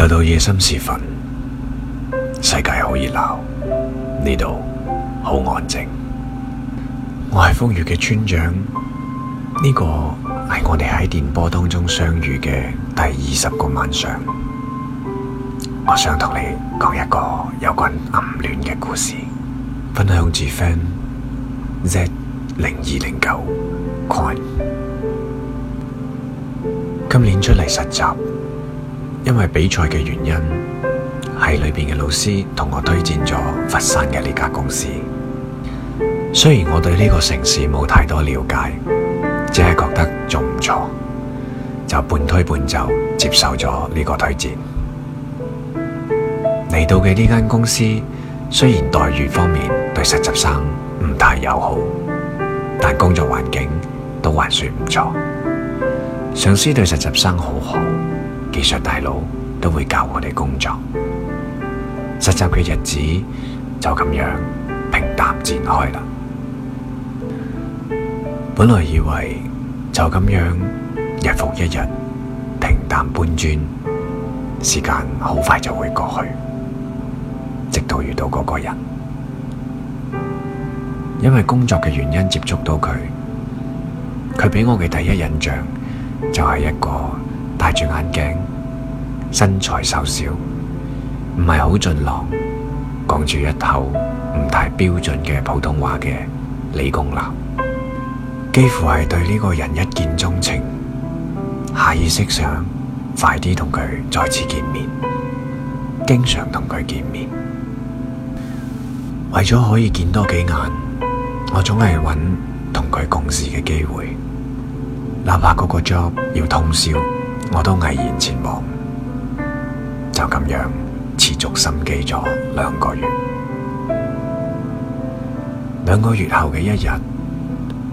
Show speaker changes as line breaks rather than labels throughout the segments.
又到夜深時分，世界好熱鬧，呢度好安靜。我係風雨嘅村長，呢個係我哋喺電波當中相遇嘅第二十個晚上。我想同你講一個有關暗戀嘅故事，分享自 Fan Z 零二零九 Coin。今年出嚟實習。因為比賽嘅原因，系裏邊嘅老師同我推薦咗佛山嘅呢家公司。雖然我對呢個城市冇太多了解，只係覺得仲唔錯，就半推半就接受咗呢個推薦。嚟到嘅呢間公司，雖然待遇方面對實習生唔太友好，但工作環境都還算唔錯，上司對實習生好好。技術大佬都會教我哋工作，實習嘅日子就咁樣平淡展開啦。本來以為就咁樣，日復一日，平淡搬磚，時間好快就會過去，直到遇到嗰個人，因為工作嘅原因接觸到佢，佢俾我嘅第一印象就係一個戴住眼鏡。身材瘦小，唔係好俊朗，講住一口唔太標準嘅普通話嘅理工男，幾乎係對呢個人一見鍾情，下意識想快啲同佢再次見面，經常同佢見面，為咗可以見多幾眼，我總係揾同佢共事嘅機會，哪怕嗰個 job 要通宵，我都毅然前往。就咁樣持續心機咗兩個月，兩個月後嘅一日，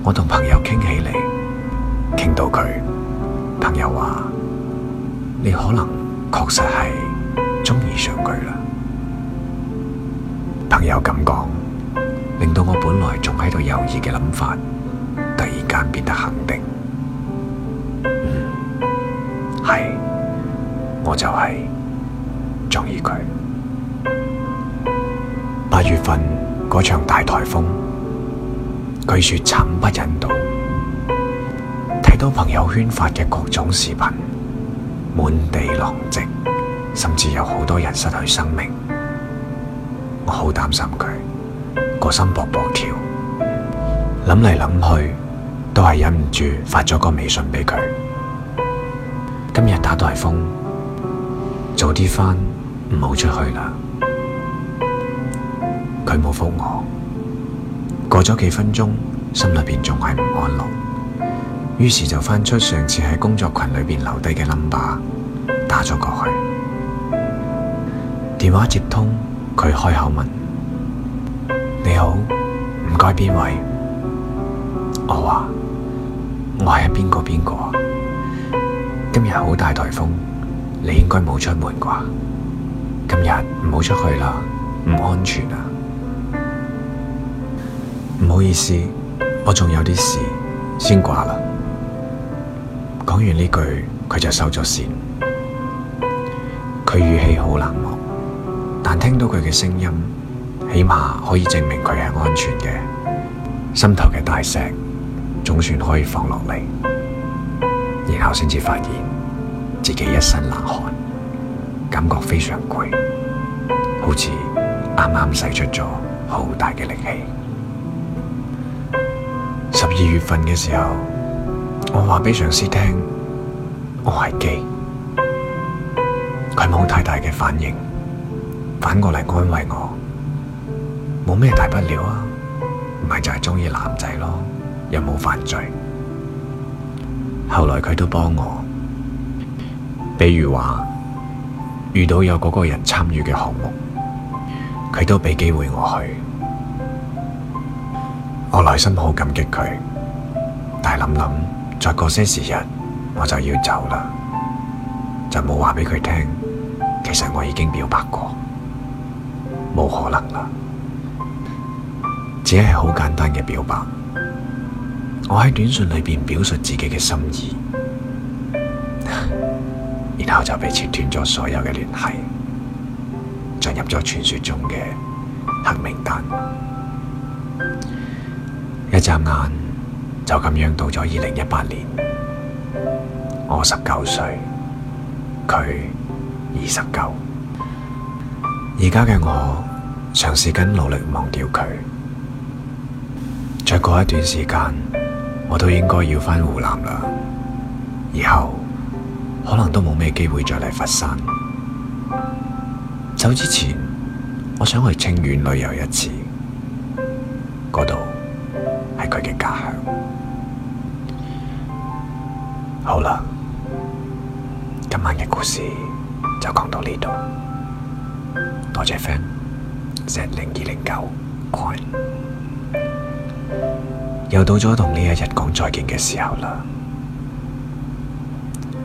我同朋友傾起嚟，傾到佢，朋友話：你可能確實係中意上佢啦。朋友咁講，令到我本來仲喺度猶豫嘅諗法，突然間變得肯定。嗯，係，我就係、是。佢八月份嗰場大台風，據說慘不忍睹。睇到朋友圈發嘅各種視頻，滿地狼藉，甚至有好多人失去生命。我好擔心佢，個心搏搏跳，諗嚟諗去，都係忍唔住發咗個微信俾佢。今日打台風，早啲返。唔好出去啦。佢冇覆我。過咗幾分鐘，心裏邊仲係唔安樂，於是就翻出上次喺工作群裏邊留低嘅 number 打咗過去。電話接通，佢開口問：你好，唔該邊位？我話：我係邊個邊個？今日好大台風，你應該冇出門啩？今日唔好出去啦，唔安全啊！唔好意思，我仲有啲事，先掛啦。講完呢句，佢就收咗線。佢語氣好冷漠，但聽到佢嘅聲音，起碼可以證明佢係安全嘅。心頭嘅大石總算可以放落嚟，然後先至發現自己一身冷汗。感覺非常攰，好似啱啱使出咗好大嘅力氣。十二月份嘅時候，我話俾上司聽，我係 gay，佢冇太大嘅反應，反過嚟安慰我，冇咩大不了啊，唔係就係中意男仔咯，又冇犯罪。後來佢都幫我，比如話。遇到有嗰個人參與嘅項目，佢都俾機會我去，我內心好感激佢。但係諗諗，再過些時日我就要走啦，就冇話俾佢聽。其實我已經表白過，冇可能啦。只係好簡單嘅表白，我喺短信裏邊表述自己嘅心意。然後就被切斷咗所有嘅聯繫，進入咗傳說中嘅黑名單。一眨眼就咁樣到咗二零一八年，我十九歲，佢二十九。而家嘅我嘗試緊努力忘掉佢，再過一段時間，我都應該要翻湖南啦。以後。可能都冇咩機會再嚟佛山。走之前，我想去清遠旅遊一次，嗰度係佢嘅家鄉。好啦，今晚嘅故事就講到呢度，多謝 friend Z 零二零九。又到咗同呢一日講再見嘅時候啦。